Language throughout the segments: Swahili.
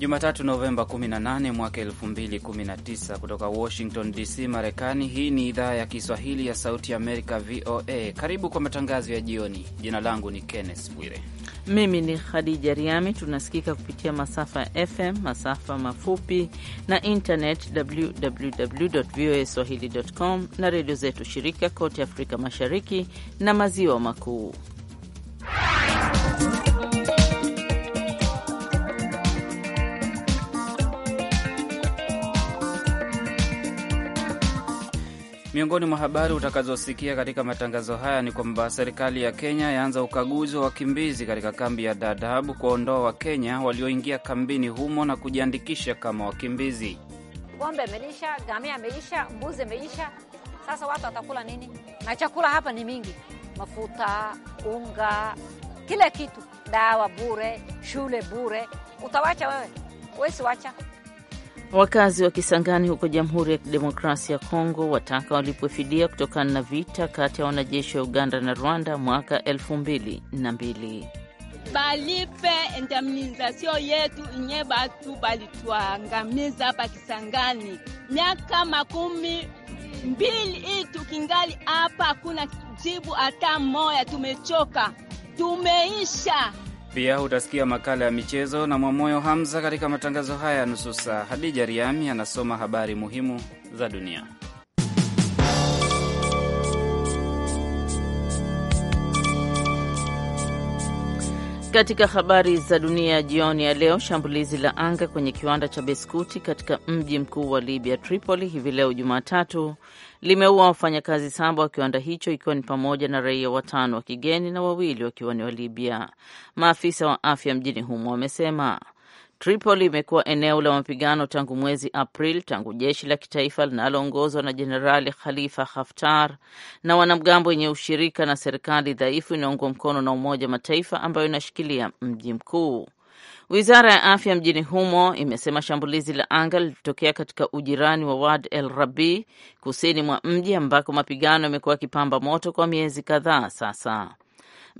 Jumatatu Novemba 18 mwaka 2019 kutoka Washington DC, Marekani. Hii ni idhaa ya Kiswahili ya Sauti ya Amerika, VOA. Karibu kwa matangazo ya jioni. Jina langu ni Kenneth Bwire. Mimi ni Khadija Riami. Tunasikika kupitia masafa ya FM, masafa mafupi na internet, www voa swahili com, na redio zetu shirika kote Afrika Mashariki na Maziwa Makuu. Miongoni mwa habari utakazosikia katika matangazo haya ni kwamba serikali ya Kenya yaanza ukaguzi wa wakimbizi katika kambi ya Dadaab kuwaondoa Wakenya walioingia kambini humo na kujiandikisha kama wakimbizi. Ng'ombe ameisha, ngamia ameisha, mbuzi ameisha. Sasa watu watakula nini? Na chakula hapa ni mingi, mafuta, unga, kila kitu, dawa bure, shule bure. Utawacha wewe? Wesiwacha. Wakazi wa Kisangani huko Jamhuri ya Kidemokrasia ya Kongo wataka walipwe fidia kutokana na vita kati ya wanajeshi wa Uganda na Rwanda mwaka elfu mbili na mbili. Balipe indemnizasio yetu inye batu balituangamiza hapa Kisangani miaka makumi mbili hii tukingali hapa, hakuna jibu hata moya. Tumechoka, tumeisha pia utasikia makala ya michezo na Mwamoyo Hamza katika matangazo haya ya nusu saa. Hadija Riami anasoma habari muhimu za dunia. Katika habari za dunia jioni ya leo, shambulizi la anga kwenye kiwanda cha biskuti katika mji mkuu wa Libya, Tripoli, hivi leo Jumatatu limeua wafanyakazi saba wa kiwanda hicho ikiwa ni pamoja na raia watano wa kigeni na wawili wakiwa ni wa Libya, maafisa wa afya mjini humo wamesema. Tripoli imekuwa eneo la mapigano tangu mwezi april tangu jeshi la kitaifa linaloongozwa na Jenerali Khalifa Haftar na wanamgambo wenye ushirika na serikali dhaifu inaungwa mkono na Umoja wa Mataifa ambayo inashikilia mji mkuu. Wizara ya afya mjini humo imesema shambulizi la anga lilitokea katika ujirani wa Wad El Rabi kusini mwa mji ambako mapigano yamekuwa yakipamba moto kwa miezi kadhaa sasa.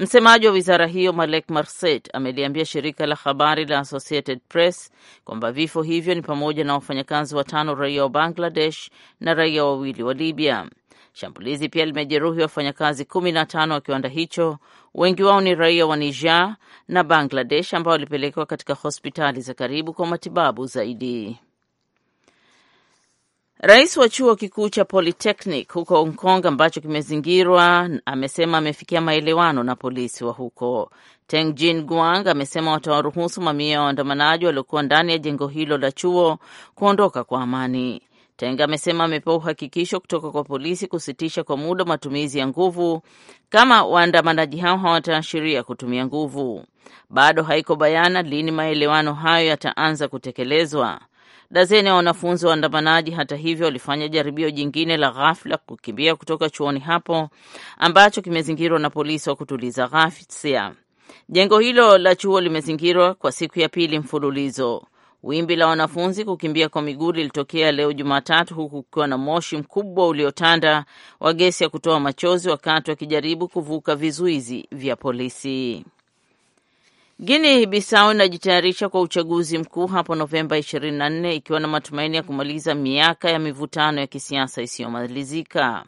Msemaji wa wizara hiyo Malek Marset ameliambia shirika la habari la Associated Press kwamba vifo hivyo ni pamoja na wafanyakazi watano raia wa Bangladesh na raia wawili wa Libya. Shambulizi pia limejeruhi wafanyakazi kumi na tano wa kiwanda hicho, wengi wao ni raia wa Niger na Bangladesh ambao walipelekwa katika hospitali za karibu kwa matibabu zaidi. Rais wa chuo kikuu cha Polytechnic huko Hong Kong ambacho kimezingirwa amesema amefikia maelewano na polisi wa huko. Teng Jin Guang amesema watawaruhusu mamia ya waandamanaji waliokuwa ndani ya jengo hilo la chuo kuondoka kwa amani. Teng amesema amepewa uhakikisho kutoka kwa polisi kusitisha kwa muda matumizi ya nguvu kama waandamanaji hao hawataashiria kutumia nguvu. Bado haiko bayana lini maelewano hayo yataanza kutekelezwa. Dazeni ya wanafunzi waandamanaji, hata hivyo, walifanya jaribio jingine la ghafla kukimbia kutoka chuoni hapo ambacho kimezingirwa na polisi wa kutuliza ghasia. Jengo hilo la chuo limezingirwa kwa siku ya pili mfululizo. Wimbi la wanafunzi kukimbia kwa miguu lilitokea leo Jumatatu, huku kukiwa na moshi mkubwa uliotanda wa gesi ya kutoa machozi wakati wakijaribu kuvuka vizuizi vya polisi. Guinea Bissau inajitayarisha kwa uchaguzi mkuu hapo Novemba 24 ikiwa na matumaini ya kumaliza miaka ya mivutano ya kisiasa isiyomalizika.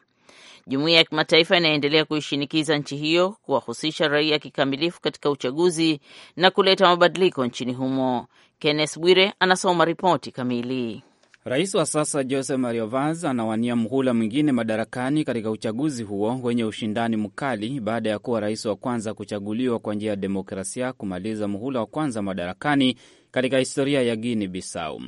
Jumuiya ya kimataifa inaendelea kuishinikiza nchi hiyo kuwahusisha raia kikamilifu katika uchaguzi na kuleta mabadiliko nchini humo. Kenneth Bwire anasoma ripoti kamili. Rais wa sasa Jose Mario Vaz anawania mhula mwingine madarakani katika uchaguzi huo wenye ushindani mkali baada ya kuwa rais wa kwanza kuchaguliwa kwa njia ya demokrasia kumaliza mhula wa kwanza madarakani katika historia ya Guini Bissau.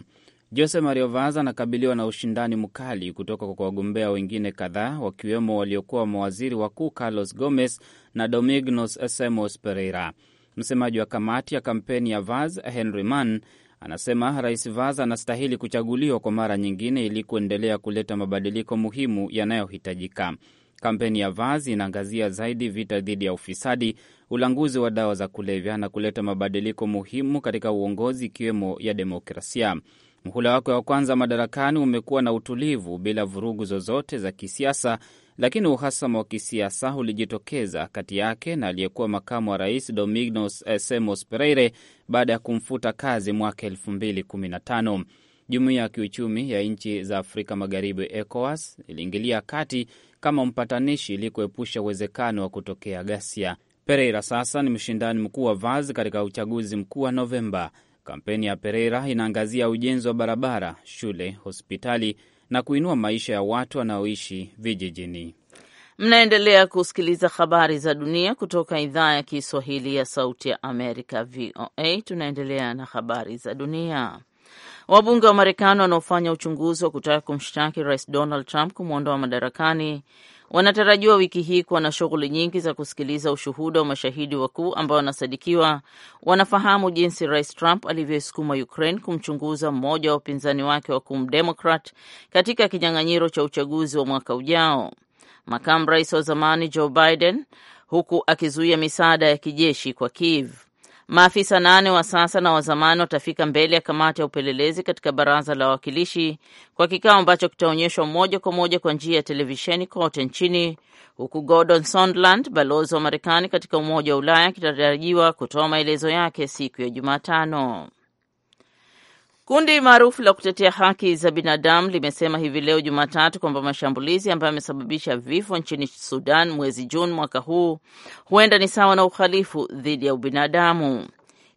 Jose Mario Vaz anakabiliwa na ushindani mkali kutoka kwa wagombea wengine kadhaa wakiwemo waliokuwa mawaziri wakuu Carlos Gomez na domignos Semos Pereira. Msemaji wa kamati ya kampeni ya Vaz, Henry Mann, Anasema Rais Vaz anastahili kuchaguliwa kwa mara nyingine ili kuendelea kuleta mabadiliko muhimu yanayohitajika. Kampeni ya Vaz inaangazia zaidi vita dhidi ya ufisadi, ulanguzi wa dawa za kulevya na kuleta mabadiliko muhimu katika uongozi, ikiwemo ya demokrasia. Mhula wake wa kwanza madarakani umekuwa na utulivu bila vurugu zozote za kisiasa lakini uhasama wa kisiasa ulijitokeza kati yake na aliyekuwa makamu wa rais dominos Semos Pereire baada ya kumfuta kazi mwaka 2015. Jumuiya ya kiuchumi ya nchi za Afrika Magharibi, ECOWAS, iliingilia kati kama mpatanishi ili kuepusha uwezekano wa kutokea ghasia. Pereira sasa ni mshindani mkuu wa Vaz katika uchaguzi mkuu wa Novemba. Kampeni ya Pereira inaangazia ujenzi wa barabara, shule, hospitali na kuinua maisha ya watu wanaoishi vijijini. Mnaendelea kusikiliza habari za dunia kutoka idhaa ya Kiswahili ya Sauti ya Amerika, VOA. Tunaendelea na habari za dunia. Wabunge wa Marekani wanaofanya uchunguzi wa kutaka kumshtaki Rais Donald Trump kumwondoa madarakani wanatarajiwa wiki hii kuwa na shughuli nyingi za kusikiliza ushuhuda wa mashahidi wakuu ambao wanasadikiwa wanafahamu jinsi Rais Trump alivyoisukuma Ukraine kumchunguza mmoja wa upinzani wake wakuu mdemokrat katika kinyang'anyiro cha uchaguzi wa mwaka ujao. Makamu rais wa zamani Joe Biden huku akizuia misaada ya kijeshi kwa Kiev. Maafisa nane wa sasa na wazamani watafika mbele ya kamati ya upelelezi katika baraza la wawakilishi kwa kikao ambacho kitaonyeshwa moja kwa moja kwa njia ya televisheni kote nchini, huku Gordon Sondland, balozi wa Marekani katika Umoja wa Ulaya, akitarajiwa kutoa maelezo yake siku ya Jumatano. Kundi maarufu la kutetea haki za binadamu limesema hivi leo Jumatatu kwamba mashambulizi ambayo yamesababisha vifo nchini Sudan mwezi Juni mwaka huu huenda ni sawa na uhalifu dhidi ya ubinadamu.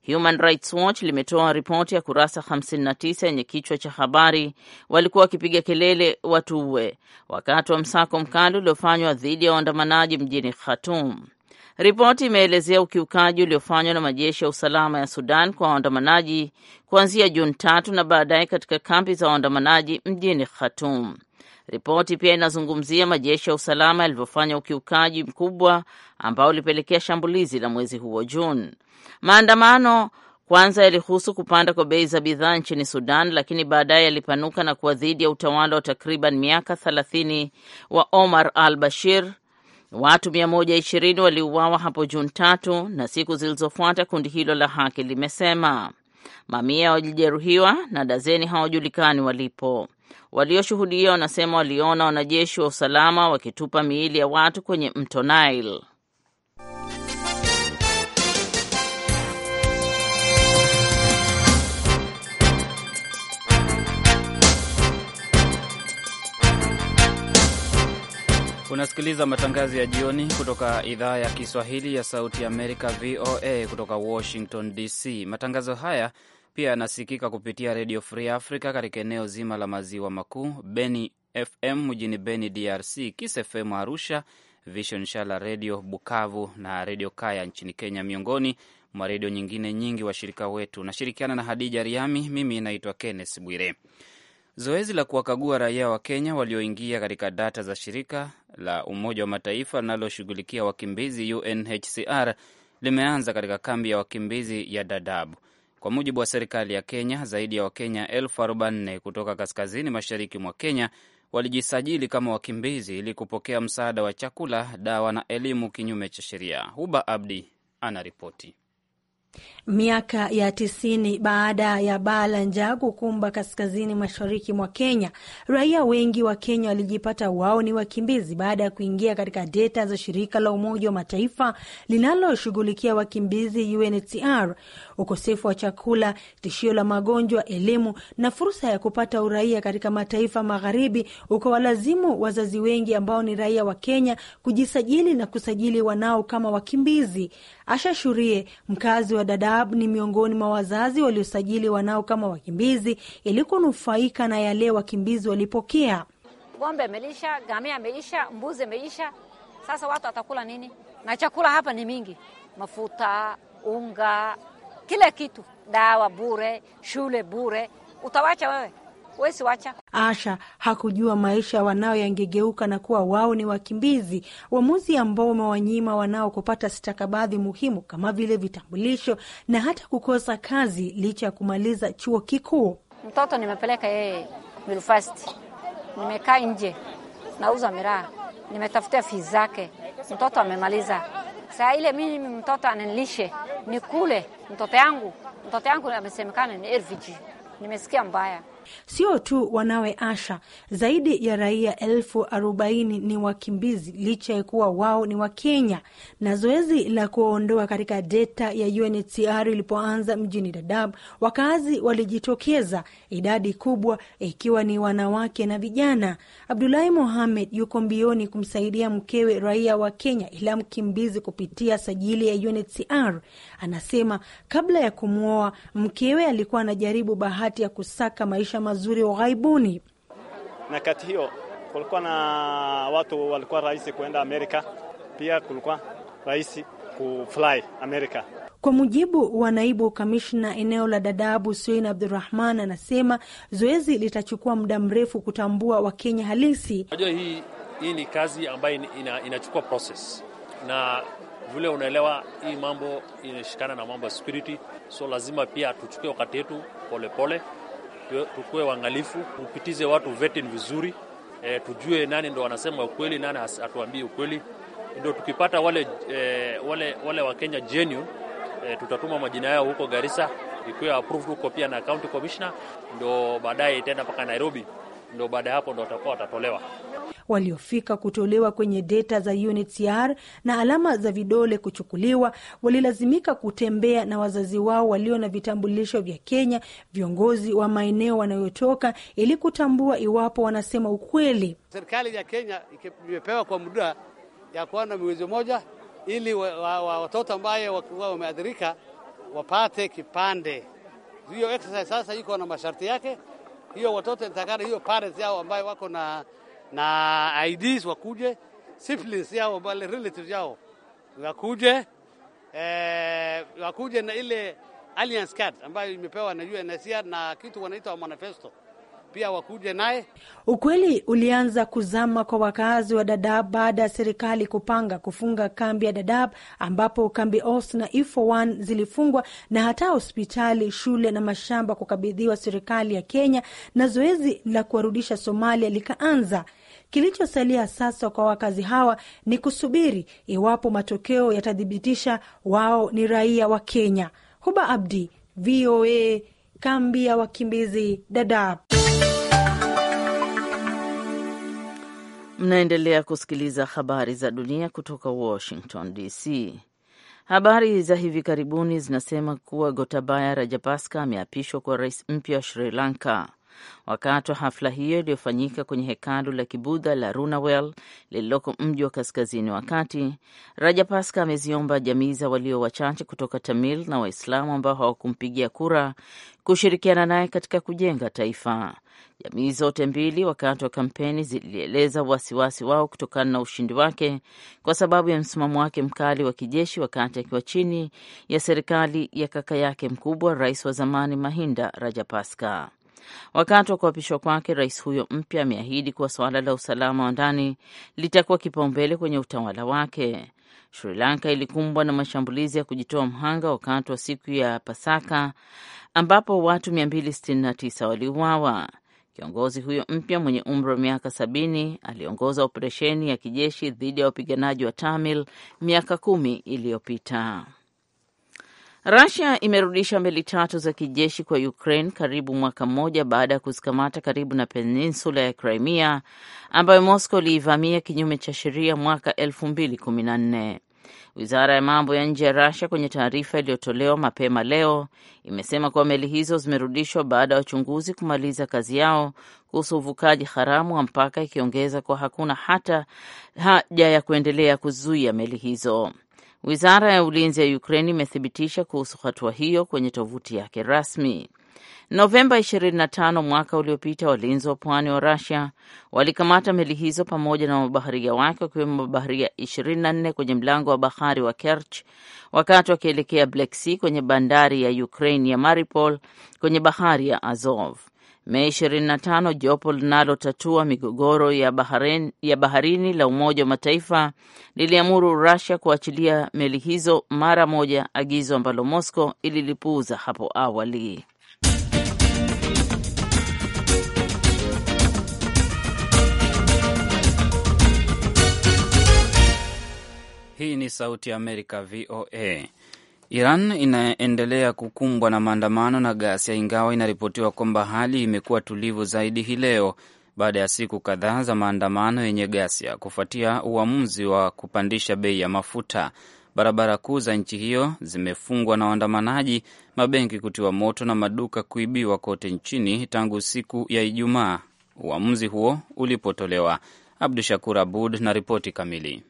Human Rights Watch limetoa ripoti ya kurasa 59 yenye kichwa cha habari walikuwa wakipiga kelele watuue, wakati wa msako mkali uliofanywa dhidi ya waandamanaji mjini Khartoum. Ripoti imeelezea ukiukaji uliofanywa na majeshi ya usalama ya Sudan kwa waandamanaji kuanzia Juni tatu na baadaye katika kambi za waandamanaji mjini Khartoum. Ripoti pia inazungumzia majeshi ya usalama yalivyofanya ukiukaji mkubwa ambao ulipelekea shambulizi la mwezi huo Juni. Maandamano kwanza yalihusu kupanda kwa bei za bidhaa nchini Sudan, lakini baadaye yalipanuka na kuwa dhidi ya utawala wa takriban miaka 30 wa Omar al Bashir Watu 120 waliuawa hapo Juni tatu na siku zilizofuata, kundi hilo la haki limesema. Mamia walijeruhiwa na dazeni hawajulikani walipo. Walioshuhudia wanasema waliona wanajeshi wa usalama wakitupa miili ya watu kwenye mto Nile. Unasikiliza matangazo ya jioni kutoka idhaa ya Kiswahili ya Sauti Amerika, VOA, kutoka Washington DC. Matangazo haya pia yanasikika kupitia Redio Free Africa katika eneo zima la maziwa makuu, Beni FM mjini Beni DRC, Kis FM Arusha, Vision Shala Redio Bukavu na Redio Kaya nchini Kenya, miongoni mwa redio nyingine nyingi washirika wetu. Nashirikiana na Hadija Riami, mimi naitwa Kenneth Bwire. Zoezi la kuwakagua raia wa Kenya walioingia katika data za shirika la Umoja wa Mataifa linaloshughulikia wakimbizi UNHCR limeanza katika kambi ya wakimbizi ya Dadaab. Kwa mujibu wa serikali ya Kenya, zaidi ya Wakenya elfu arobaini kutoka kaskazini mashariki mwa Kenya walijisajili kama wakimbizi ili kupokea msaada wa chakula, dawa na elimu kinyume cha sheria. Huba Abdi anaripoti. Miaka ya tisini baada ya baa la njaa kukumba kaskazini mashariki mwa Kenya, raia wengi wa Kenya walijipata wao ni wakimbizi baada ya kuingia katika data za shirika la Umoja wa Mataifa linaloshughulikia wakimbizi UNHCR ukosefu wa chakula, tishio la magonjwa, elimu na fursa ya kupata uraia katika mataifa magharibi ukawalazimu wazazi wengi ambao ni raia wa Kenya kujisajili na kusajili wanao kama wakimbizi. Asha Shurie, mkazi wa Dadaab, ni miongoni mwa wazazi waliosajili wanao kama wakimbizi ili kunufaika na yale wakimbizi walipokea. Ng'ombe amelisha, gamia ameisha, mbuzi ameisha. Sasa watu watakula nini? Na chakula hapa ni mingi, mafuta, unga kila kitu, dawa bure, shule bure. Utawacha wewe? Wesi wacha. Asha hakujua maisha wanao yangegeuka na kuwa wao ni wakimbizi, uamuzi ambao umewanyima wanao kupata stakabadhi muhimu kama vile vitambulisho na hata kukosa kazi licha ya kumaliza chuo kikuu. Mtoto nimepeleka yeye university, nimekaa nje, nauza miraa, nimetafutia fii zake, mtoto amemaliza saa ile mimi mtoto ananilishe nikule mtoto yangu mtoto yangu amesemekana ni refugee, nimesikia mbaya. Sio tu wanawe Asha, zaidi ya raia elfu arobaini ni wakimbizi, licha ya kuwa wao ni Wakenya. Na zoezi la kuwaondoa katika deta ya UNHCR ilipoanza mjini Dadaab, wakazi walijitokeza, idadi kubwa ikiwa ni wanawake na vijana. Abdulahi Mohamed yuko mbioni kumsaidia mkewe, raia wa Kenya ila mkimbizi, kupitia sajili ya UNHCR. Anasema kabla ya kumwoa mkewe alikuwa anajaribu bahati ya kusaka maisha maisha mazuri ughaibuni. Na kati hiyo kulikuwa na watu walikuwa rahisi kuenda Amerika, pia kulikuwa rahisi kufly Amerika. Kwa mujibu wa naibu kamishna eneo la dadabu sein Abdurahman, anasema zoezi litachukua muda mrefu kutambua Wakenya halisi. Unajua hii, hii ni kazi ambayo ina, inachukua process na vile unaelewa hii mambo inashikana na mambo ya security, so lazima pia tuchukue wakati yetu polepole tukuwe waangalifu, tupitize watu vetting vizuri e, tujue nani ndo wanasema ukweli, nani hatuambii ukweli. ndo tukipata wale, e, wale, wale Wakenya genuine e, tutatuma majina yao huko Garissa ikiwa approved huko pia na county commissioner, ndo baadaye itaenda mpaka Nairobi, ndo baada ya hapo ndo watakuwa watatolewa waliofika kutolewa kwenye deta za UNHCR na alama za vidole kuchukuliwa, walilazimika kutembea na wazazi wao walio na vitambulisho vya Kenya, viongozi wa maeneo wanayotoka, ili kutambua iwapo wanasema ukweli. Serikali ya Kenya imepewa kwa muda ya kuwa na moja ili wa, wa, wa, watoto ambaye wakiwa wameathirika wapate kipande. Hiyo exercise sasa iko na masharti yake. Hiyo watoto nitakana hiyo parents yao ambayo wako na na IDs wakuje, siblings yao wale relatives yao wakuje, eh, wakuje na ile alliance card ambayo imepewa na UNHCR na kitu wanaita manifesto pia wakuje naye. Ukweli ulianza kuzama kwa wakazi wa dadab baada ya serikali kupanga kufunga kambi ya Dadab, ambapo kambi Os na Ifo1 zilifungwa na hata hospitali, shule na mashamba kukabidhiwa serikali ya Kenya, na zoezi la kuwarudisha Somalia likaanza. Kilichosalia sasa kwa wakazi hawa ni kusubiri iwapo matokeo yatathibitisha wao ni raia wa Kenya. Huba Abdi, VOA, kambi ya wakimbizi Dadaab. Mnaendelea kusikiliza habari za dunia kutoka Washington DC. Habari za hivi karibuni zinasema kuwa Gotabaya Rajapaksa ameapishwa kuwa rais mpya wa Sri Lanka. Wakati wa hafla hiyo iliyofanyika kwenye hekalu la kibudha la Runawel lililoko mji wa kaskazini wa kati, Rajapaksa ameziomba jamii za walio wachache kutoka Tamil na Waislamu ambao hawakumpigia kura kushirikiana naye katika kujenga taifa. Jamii zote mbili wakati wa kampeni zilieleza wasiwasi wao kutokana na ushindi wake kwa sababu ya msimamo wake mkali wa kijeshi wakati akiwa chini ya serikali ya kaka yake mkubwa, rais wa zamani Mahinda Rajapaksa. Wakati wa kuapishwa kwake, rais huyo mpya ameahidi kuwa suala la usalama wa ndani litakuwa kipaumbele kwenye utawala wake. Sri Lanka ilikumbwa na mashambulizi ya kujitoa mhanga wakati wa siku ya Pasaka ambapo watu 269 waliuawa. Kiongozi huyo mpya mwenye umri wa miaka sabini aliongoza operesheni ya kijeshi dhidi ya wapiganaji wa Tamil miaka kumi iliyopita. Russia imerudisha meli tatu za kijeshi kwa Ukraine karibu mwaka mmoja baada ya kuzikamata karibu na peninsula ya Crimea ambayo Moscow iliivamia kinyume cha sheria mwaka 2014. Wizara ya mambo ya nje ya Rasia kwenye taarifa iliyotolewa mapema leo imesema kuwa meli hizo zimerudishwa baada ya wachunguzi kumaliza kazi yao kuhusu uvukaji haramu wa mpaka, ikiongeza kuwa hakuna hata haja ya kuendelea kuzuia meli hizo. Wizara ya ulinzi ya Ukraine imethibitisha kuhusu hatua hiyo kwenye tovuti yake rasmi. Novemba 25 mwaka uliopita, walinzi wa pwani wa rasia walikamata meli hizo pamoja na mabaharia wake wakiwemo mabaharia 24 kwenye mlango wa bahari wa Kerch wakati wakielekea Black Sea kwenye bandari ya Ukraine ya Mariupol kwenye bahari ya Azov. Mei 25 jopo linalotatua migogoro ya baharini, ya baharini la Umoja wa Mataifa liliamuru Russia kuachilia meli hizo mara moja, agizo ambalo Moscow ililipuuza hapo awali. Hii ni Sauti ya Amerika, VOA. Iran inaendelea kukumbwa na maandamano na ghasia, ingawa inaripotiwa kwamba hali imekuwa tulivu zaidi hii leo baada ya siku kadhaa za maandamano yenye ghasia kufuatia uamuzi wa kupandisha bei ya mafuta. Barabara kuu za nchi hiyo zimefungwa na waandamanaji, mabenki kutiwa moto na maduka kuibiwa kote nchini tangu siku ya Ijumaa uamuzi huo ulipotolewa. Abdu Shakur Abud na ripoti kamili.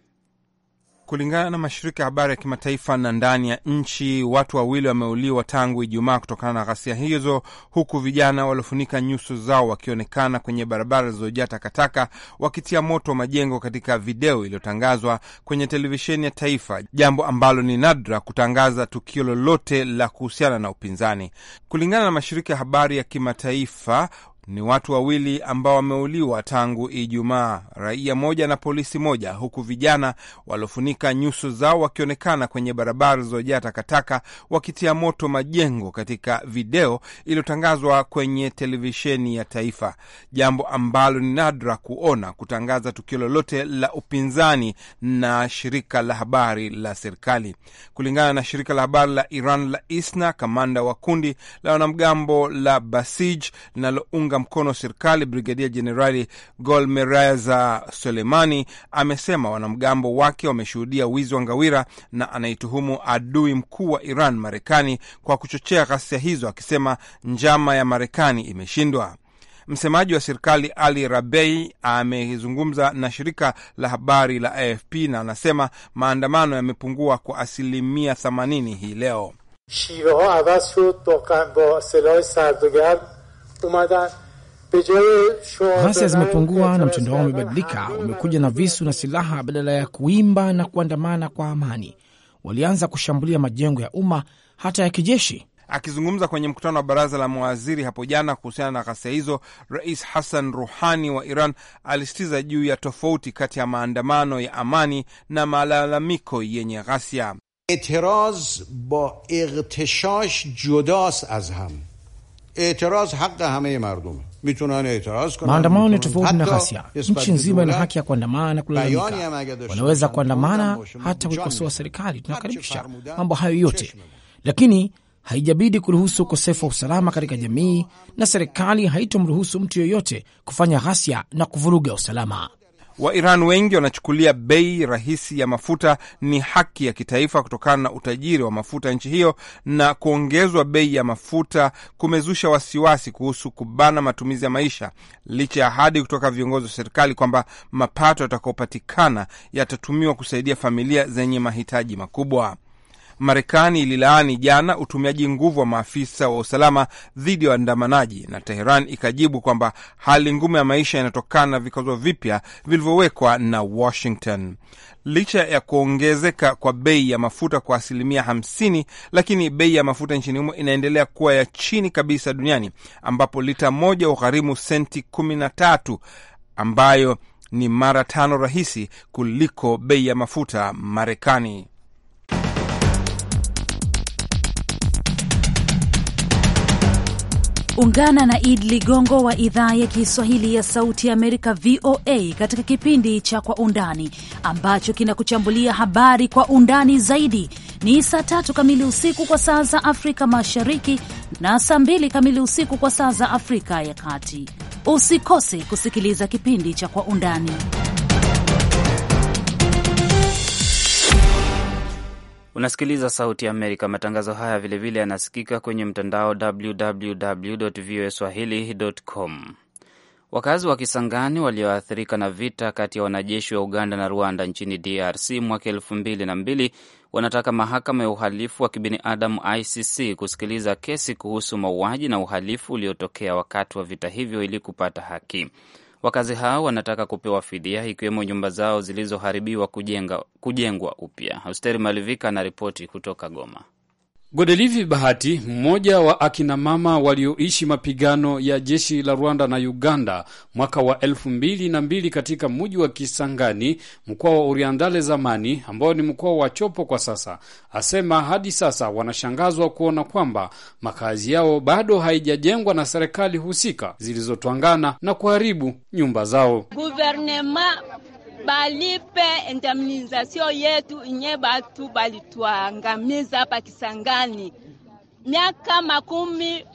Kulingana na mashirika ya habari ya kimataifa na ndani ya nchi, watu wawili wameuliwa tangu Ijumaa kutokana na ghasia hizo, huku vijana waliofunika nyuso zao wakionekana kwenye barabara zilizojaa takataka wakitia moto majengo, katika video iliyotangazwa kwenye televisheni ya taifa, jambo ambalo ni nadra kutangaza tukio lolote la kuhusiana na upinzani. Kulingana na mashirika ya habari ya kimataifa ni watu wawili ambao wameuliwa tangu Ijumaa, raia moja na polisi moja, huku vijana waliofunika nyuso zao wakionekana kwenye barabara zilizojaa takataka wakitia moto majengo katika video iliyotangazwa kwenye televisheni ya taifa, jambo ambalo ni nadra kuona kutangaza tukio lolote la upinzani na shirika la habari la serikali. Kulingana na shirika la habari la Iran la ISNA, kamanda wa kundi la wanamgambo la Basij linalounga kuunga mkono serikali, Brigadia Jenerali golmeraza Soleimani amesema wanamgambo wake wameshuhudia wizi wa ngawira na anaituhumu adui mkuu wa Iran, Marekani, kwa kuchochea ghasia hizo, akisema njama ya Marekani imeshindwa. Msemaji wa serikali Ali Rabei amezungumza na shirika la habari la AFP na anasema maandamano yamepungua kwa asilimia 80 hii leo. Ghasia zimepungua na mtindo wao umebadilika. Wamekuja na visu na silaha badala ya kuimba na kuandamana kwa amani. Walianza kushambulia majengo ya umma, hata ya kijeshi. Akizungumza kwenye mkutano wa baraza la mawaziri hapo jana kuhusiana na ghasia hizo, Rais Hassan Ruhani wa Iran alisitiza juu ya tofauti kati ya maandamano ya amani na malalamiko yenye ghasia. Itiraz ba irtishash judas az ham itiraz haq hame mardum Maandamano ni tofauti na ghasia. Nchi nzima ina haki ya kuandamana na kulalamika, wanaweza kuandamana hata kuikosoa serikali. Tunakaribisha mambo hayo yote, lakini haijabidi kuruhusu ukosefu wa usalama katika jamii, na serikali haitomruhusu mtu yoyote kufanya ghasia na kuvuruga usalama wa Iran wengi wanachukulia bei rahisi ya mafuta ni haki ya kitaifa kutokana na utajiri wa mafuta nchi hiyo, na kuongezwa bei ya mafuta kumezusha wasiwasi kuhusu kubana matumizi ya maisha, licha ya ahadi kutoka viongozi wa serikali kwamba mapato yatakayopatikana yatatumiwa kusaidia familia zenye mahitaji makubwa. Marekani ililaani jana utumiaji nguvu wa maafisa wa usalama dhidi ya wa waandamanaji, na Teheran ikajibu kwamba hali ngumu ya maisha inatokana na vikwazo vipya vilivyowekwa na Washington. Licha ya kuongezeka kwa bei ya mafuta kwa asilimia 50, lakini bei ya mafuta nchini humo inaendelea kuwa ya chini kabisa duniani, ambapo lita moja ugharimu senti 13 ambayo ni mara tano rahisi kuliko bei ya mafuta Marekani. Ungana na Id Ligongo wa idhaa ya Kiswahili ya Sauti ya Amerika, VOA, katika kipindi cha Kwa Undani ambacho kinakuchambulia habari kwa undani zaidi. Ni saa tatu kamili usiku kwa saa za Afrika Mashariki na saa mbili kamili usiku kwa saa za Afrika ya Kati. Usikose kusikiliza kipindi cha Kwa Undani. Unasikiliza Sauti ya Amerika. Matangazo haya vilevile yanasikika kwenye mtandao www voa swahili.com. Wakazi wa Kisangani walioathirika na vita kati ya wanajeshi wa Uganda na Rwanda nchini DRC mwaka elfu mbili na mbili wanataka mahakama ya uhalifu wa kibinadamu ICC kusikiliza kesi kuhusu mauaji na uhalifu uliotokea wakati wa vita hivyo ili kupata haki. Wakazi hao wanataka kupewa fidia, ikiwemo nyumba zao zilizoharibiwa kujengwa upya. Austeri Malivika anaripoti kutoka Goma. Godelivi Bahati, mmoja wa akina mama walioishi mapigano ya jeshi la Rwanda na Uganda mwaka wa elfu mbili na mbili katika muji wa Kisangani, mkoa wa uriandale zamani, ambao ni mkoa wa Chopo kwa sasa, asema hadi sasa wanashangazwa kuona kwamba makazi yao bado haijajengwa na serikali husika zilizotwangana na kuharibu nyumba zao. Guvernema balipe indemnisation yetu inye batu balituangamiza hapa Kisangani miaka makumi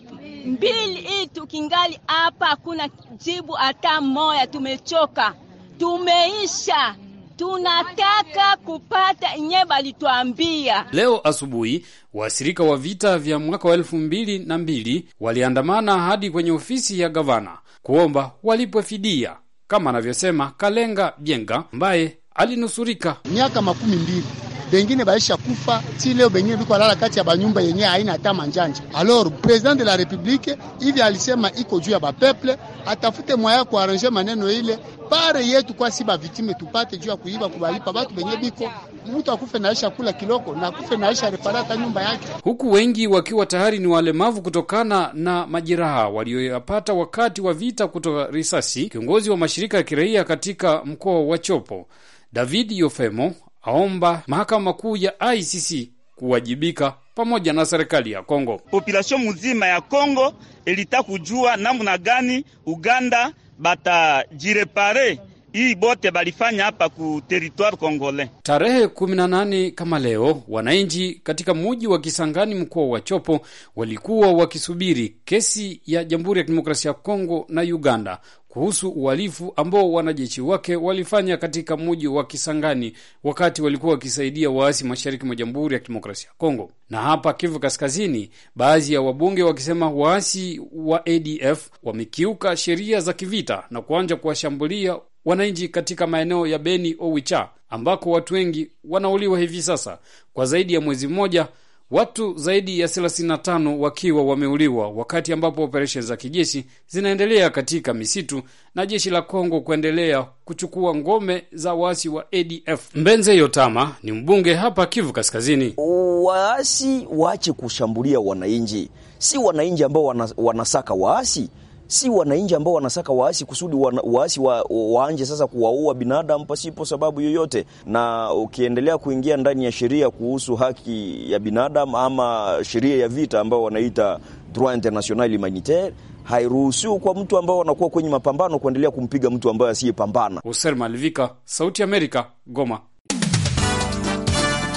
mbili hii tukingali hapa, hakuna jibu hata moya. Tumechoka, tumeisha, tunataka kupata inye balituambia. Leo asubuhi waasirika wa vita vya mwaka wa elfu mbili na mbili waliandamana hadi kwenye ofisi ya gavana kuomba walipwe fidia kama anavyosema Kalenga Byenga ambaye alinusurika miaka makumi mbili bengine baisha kufa, si leo bengine biko lala kati ya banyumba yenye haina hata manjanja. Alors president de la republique hivi alisema iko juu ya bapeple, atafute mwaya ya kuaranje maneno ile pare yetu kwa si bavitime tupate juu ya kuiba kubalipa batu benye biko mtu akufe naisha kula kiloko na akufe naisha reparata nyumba yake, huku wengi wakiwa tayari ni walemavu kutokana na majeraha walioyapata wakati wa vita kutoka risasi. Kiongozi wa mashirika ya kiraia katika mkoa wa Chopo David Yofemo aomba mahakama kuu ya ICC kuwajibika pamoja na serikali ya Kongo. Population mzima ya Kongo ilitaka kujua namna gani Uganda batajirepare hii bote balifanya hapa ku territoire congolais. Tarehe 18 kama leo, wananchi katika muji wa Kisangani, mkoa wa Chopo, walikuwa wakisubiri kesi ya Jamhuri ya Kidemokrasia ya Kongo na Uganda kuhusu uhalifu ambao wanajeshi wake walifanya katika mji wa Kisangani wakati walikuwa wakisaidia waasi mashariki mwa Jamhuri ya Kidemokrasia ya Kongo na hapa Kivu Kaskazini, baadhi ya wabunge wakisema waasi wa ADF wamekiuka sheria za kivita na kuanza kuwashambulia wananchi katika maeneo ya Beni Owicha ambako watu wengi wanauliwa hivi sasa kwa zaidi ya mwezi mmoja watu zaidi ya 35 wakiwa wameuliwa wakati ambapo operesheni za kijeshi zinaendelea katika misitu na jeshi la Kongo kuendelea kuchukua ngome za waasi wa ADF. Mbenze Yotama ni mbunge hapa Kivu Kaskazini. Waasi waache kushambulia wananchi, si wananchi ambao wanasaka waasi si wananchi ambao wanasaka waasi kusudi waasi wa, waanje sasa kuwaua binadamu pasipo sababu yoyote. Na ukiendelea kuingia ndani ya sheria kuhusu haki ya binadamu ama sheria ya vita ambao wanaita droit international humanitaire hairuhusiwi kwa mtu ambao wanakuwa kwenye mapambano kuendelea kumpiga mtu ambaye asiyepambana. Hussein Malvika, Sauti ya Amerika, Goma.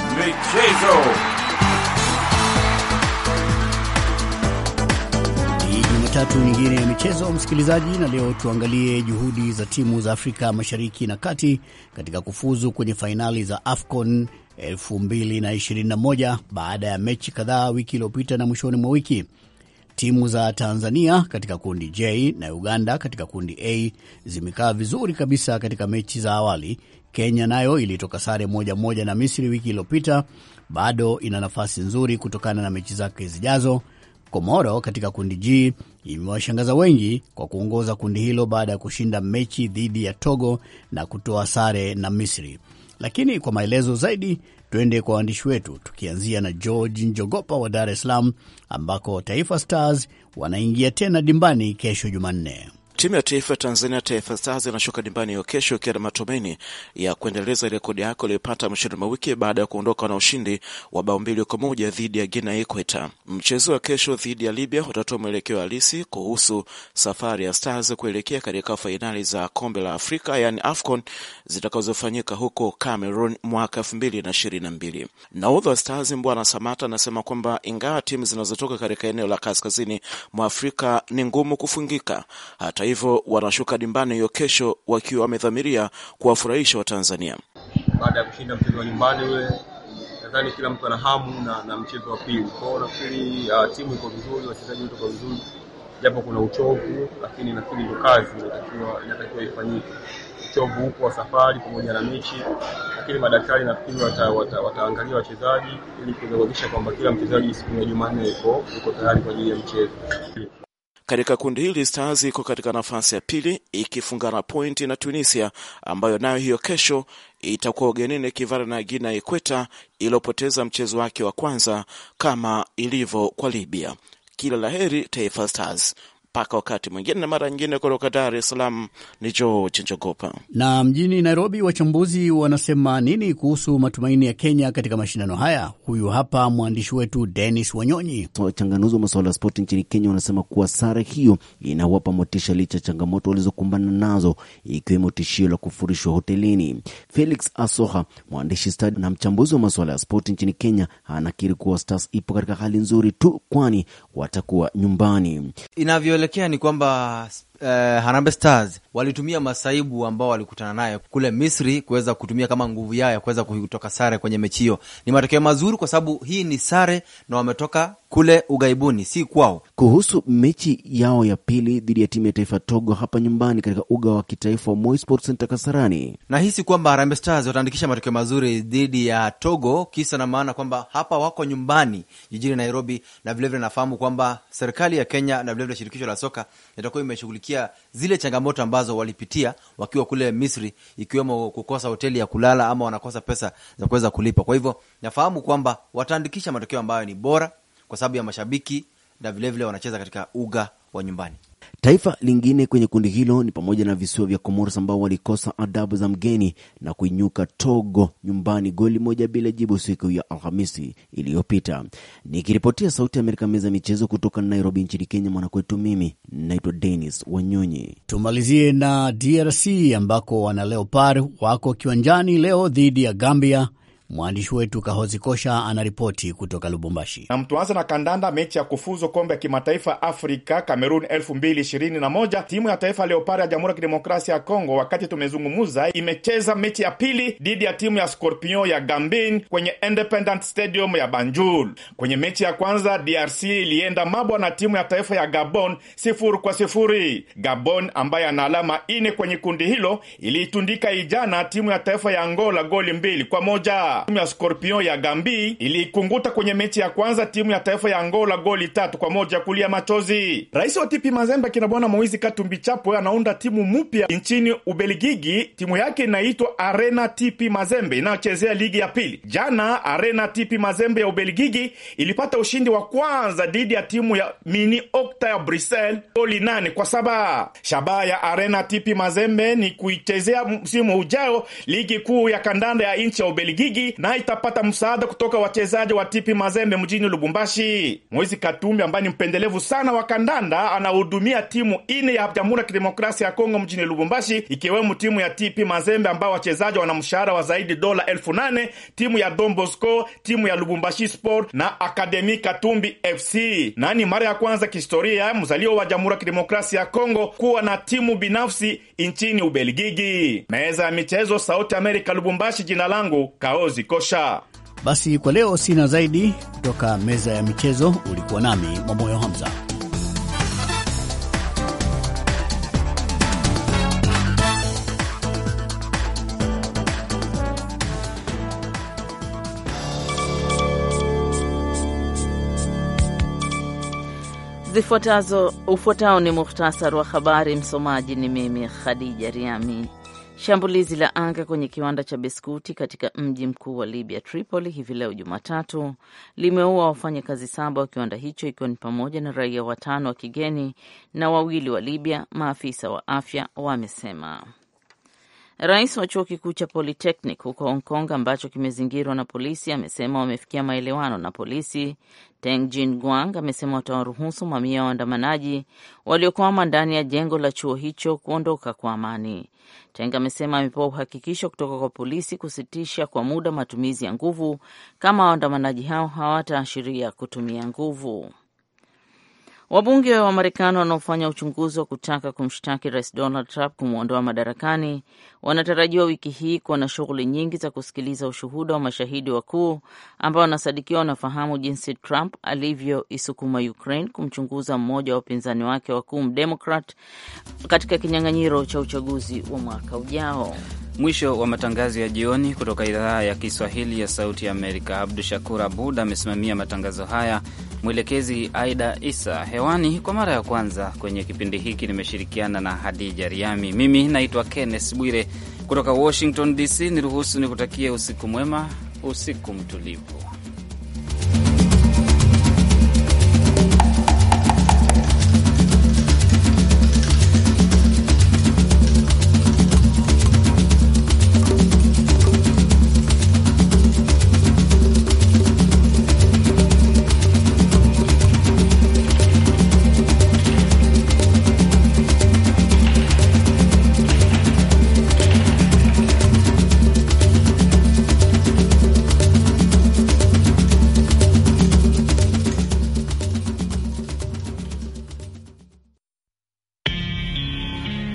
Michezo. tatu nyingine ya michezo, msikilizaji, na leo tuangalie juhudi za timu za Afrika Mashariki na Kati katika kufuzu kwenye fainali za AFCON 2021 baada ya mechi kadhaa wiki iliyopita na mwishoni mwa wiki. Timu za Tanzania katika kundi J na Uganda katika kundi A zimekaa vizuri kabisa katika mechi za awali. Kenya nayo ilitoka sare moja moja na Misri wiki iliyopita, bado ina nafasi nzuri kutokana na mechi zake zijazo. Komoro katika kundi G imewashangaza wengi kwa kuongoza kundi hilo baada ya kushinda mechi dhidi ya Togo na kutoa sare na Misri. Lakini kwa maelezo zaidi, tuende kwa waandishi wetu, tukianzia na George Njogopa wa Dar es Salaam, ambako Taifa Stars wanaingia tena dimbani kesho Jumanne. Timu ya taifa ya Tanzania, Taifa Stars, inashuka dimbani hiyo kesho ikiwa na matumaini ya kuendeleza rekodi yake iliyopata mwishoni mwa wiki baada ya kuondoka na ushindi wa bao mbili kwa moja dhidi ya Guinea Ikweta. Mchezo wa kesho dhidi ya Libya utatoa mwelekeo halisi kuhusu safari ya Stars kuelekea katika fainali za kombe la Afrika yani AFCON zitakazofanyika huko Cameroon mwaka elfu mbili na ishirini na mbili. Naudha wa Stars Mbwana Samata anasema kwamba ingawa timu zinazotoka katika eneo la kaskazini mwa Afrika ni ngumu kufungika, hata hivyo wanashuka dimbani hiyo kesho wakiwa wamedhamiria kuwafurahisha Watanzania baada ya kushinda mchezo wa nyumbani ule. Nadhani kila mtu ana hamu na, na mchezo wa pili kwao. Nafikiri uh, timu iko vizuri, wachezaji wote vizuri, japo kuna uchovu, lakini nafikiri ndio kazi inatakiwa ifanyike. Uchovu huko wa safari pamoja na mechi, lakini madaktari nafikiri wataangalia wata, wata wachezaji ili kuweza kuhakikisha kwamba kila mchezaji siku ya Jumanne iko yuko tayari kwa ajili ya mchezo. Katika kundi hili Stars iko katika nafasi ya pili ikifungana pointi na Tunisia ambayo nayo hiyo kesho itakuwa ugenini kivara na Guinea Ikweta iliyopoteza mchezo wake wa kwanza kama ilivyo kwa Libya. Kila la heri Taifa Stars mpaka wakati mwingine na mara nyingine. Kutoka Dar es Salaam ni George Njogopa. Na mjini Nairobi, wachambuzi wanasema nini kuhusu matumaini ya Kenya katika mashindano haya? Huyu hapa mwandishi wetu Denis Wanyonyi. Wachanganuzi wa masuala ya spoti nchini Kenya wanasema kuwa sare hiyo inawapa motisha licha ya changamoto walizokumbana nazo, ikiwemo tishio la kufurishwa hotelini. Felix Asoha, mwandishi stadi na mchambuzi wa masuala ya spoti nchini Kenya, anakiri kuwa Stars ipo katika hali nzuri tu, kwani watakuwa nyumbani inavyo tunakoelekea ni kwamba Uh, Harambee Stars walitumia masaibu ambao walikutana naye kule Misri kuweza kutumia kama nguvu yao ya kuweza kutoka sare kwenye mechi hiyo. Ni matokeo mazuri kwa sababu hii ni sare na wametoka kule ugaibuni, si kwao. Kuhusu mechi yao ya pili dhidi ya timu ya taifa Togo hapa nyumbani katika uga wa kitaifa wa Moi Sports Center Kasarani, nahisi kwamba Harambee Stars wataandikisha matokeo mazuri dhidi ya Togo, kisa na maana kwamba hapa wako nyumbani jijini Nairobi, na vilevile nafahamu kwamba serikali ya Kenya na vilevile shirikisho la soka itakuwa imeshughulikia kushughulikia zile changamoto ambazo walipitia wakiwa kule Misri, ikiwemo kukosa hoteli ya kulala ama wanakosa pesa za kuweza kulipa. Kwa hivyo nafahamu kwamba wataandikisha matokeo ambayo ni bora kwa sababu ya mashabiki na vilevile wanacheza katika uga wa nyumbani. Taifa lingine kwenye kundi hilo ni pamoja na visiwa vya Comoros ambao walikosa adabu za mgeni na kuinyuka Togo nyumbani goli moja bila jibu siku ya Alhamisi iliyopita. Nikiripotia Sauti ya Amerika, meza michezo kutoka Nairobi nchini Kenya, mwanakwetu mimi naitwa Denis Wanyonyi. Tumalizie na DRC ambako wana Leopard wako kiwanjani leo dhidi ya Gambia Mwandishi wetu Kahozi Kosha anaripoti kutoka Lubumbashi. Na mtuanza na kandanda, mechi ya kufuzu kombe ya kimataifa Afrika Kamerun 2021 timu ya taifa Leopard ya Jamhuri ya Kidemokrasia ya Kongo, wakati tumezungumuza, imecheza mechi ya pili dhidi ya timu ya Scorpion ya Gambin kwenye Independent Stadium ya Banjul. Kwenye mechi ya kwanza, DRC ilienda mabwa na timu ya taifa ya Gabon sifuri kwa sifuri. Gabon ambaye ana alama ine kwenye kundi hilo iliitundika ijana timu ya taifa ya Angola goli mbili kwa moja. Timu ya Scorpion ya Gambi iliikunguta kwenye mechi ya kwanza timu ya taifa ya Angola goli tatu kwa moja kulia machozi. Rais wa TP Mazembe kina bwana Moizi Katumbi Chapwe anaunda timu mpya nchini Ubeligigi. Timu yake inaitwa Arena TP Mazembe inayochezea ligi ya pili. Jana Arena TP Mazembe ya Ubeligigi ilipata ushindi wa kwanza dhidi ya timu ya Mini Okta ya Brussels goli nane kwa saba. Shabaha ya Arena TP Mazembe ni kuichezea msimu ujao ligi kuu ya kandanda ya nchi ya Ubeligigi vizuri na itapata msaada kutoka wachezaji wa Tipi Mazembe mjini Lubumbashi. Moizi Katumbi ambaye ni mpendelevu sana wa kandanda anahudumia timu ine ya Jamhuri ya Kidemokrasia ya Kongo mjini Lubumbashi, ikiwemo timu ya Tipi Mazembe ambao wachezaji wana mshahara wa zaidi dola elfu nane timu ya Don Bosco, timu ya Lubumbashi Sport na Akademi Katumbi FC. nani mara ya kwanza kihistoria mzalio wa Jamhuri ya Kidemokrasia ya Kongo kuwa na timu binafsi nchini Ubelgiji. Meza ya michezo, Sauti Amerika, Lubumbashi. Jina langu Kaozi George Kosha. Basi kwa leo sina zaidi kutoka meza ya michezo. Ulikuwa nami Mwamoyo Hamza. Zifuatazo ufuatao ni muhtasari wa habari. Msomaji ni mimi Khadija Riami. Shambulizi la anga kwenye kiwanda cha biskuti katika mji mkuu wa Libya, Tripoli, hivi leo Jumatatu limeua wafanyakazi saba wa kiwanda hicho, ikiwa ni pamoja na raia watano wa kigeni na wawili wa Libya, maafisa wa afya wamesema. Rais wa chuo kikuu cha Polytechnic huko Hong Kong ambacho kimezingirwa na polisi amesema wamefikia maelewano na polisi. Teng Jin Guang amesema watawaruhusu mamia ya waandamanaji waliokwama ndani ya jengo la chuo hicho kuondoka kwa amani. Teng amesema amepewa uhakikisho kutoka kwa polisi kusitisha kwa muda matumizi ya nguvu kama waandamanaji hao hawataashiria kutumia nguvu. Wabunge wa Marekani wanaofanya uchunguzi wa kutaka kumshtaki Rais Donald Trump kumwondoa madarakani wanatarajiwa wiki hii kuwa na shughuli nyingi za kusikiliza ushuhuda wa mashahidi wakuu ambao wanasadikiwa wanafahamu jinsi Trump alivyoisukuma Ukraine kumchunguza mmoja wa upinzani wake wakuu mdemokrat katika kinyang'anyiro cha uchaguzi wa mwaka ujao. Mwisho wa matangazo ya jioni kutoka idhaa ya Kiswahili ya Sauti ya Amerika. Abdu Shakur Abud amesimamia matangazo haya mwelekezi Aida Isa hewani kwa mara ya kwanza kwenye kipindi hiki. Nimeshirikiana na Hadija Riami. Mimi naitwa Kenneth Bwire kutoka Washington DC. Niruhusu nikutakie usiku mwema, usiku mtulivu.